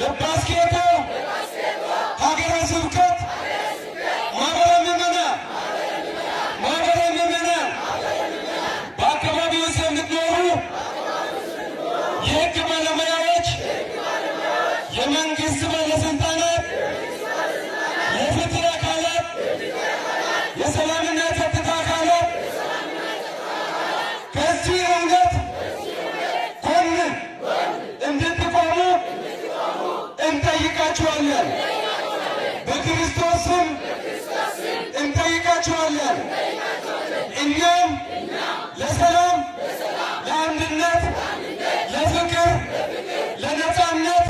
ለባስኬቶ ሀገረ ስብከት ማህበረ ምዕመናን ማህበረ ምዕመናን በአካባቢው ውስጥ የምትኖሩ የህግ ባለሙያዎች፣ የመንግስት ባለስልጣናት፣ የፍትህ አካላት፣ የሰላም እንጠይቃችኋለን። በክርስቶስ ስም እንጠይቃችኋለን። እኛም ለሰላም ለአንድነት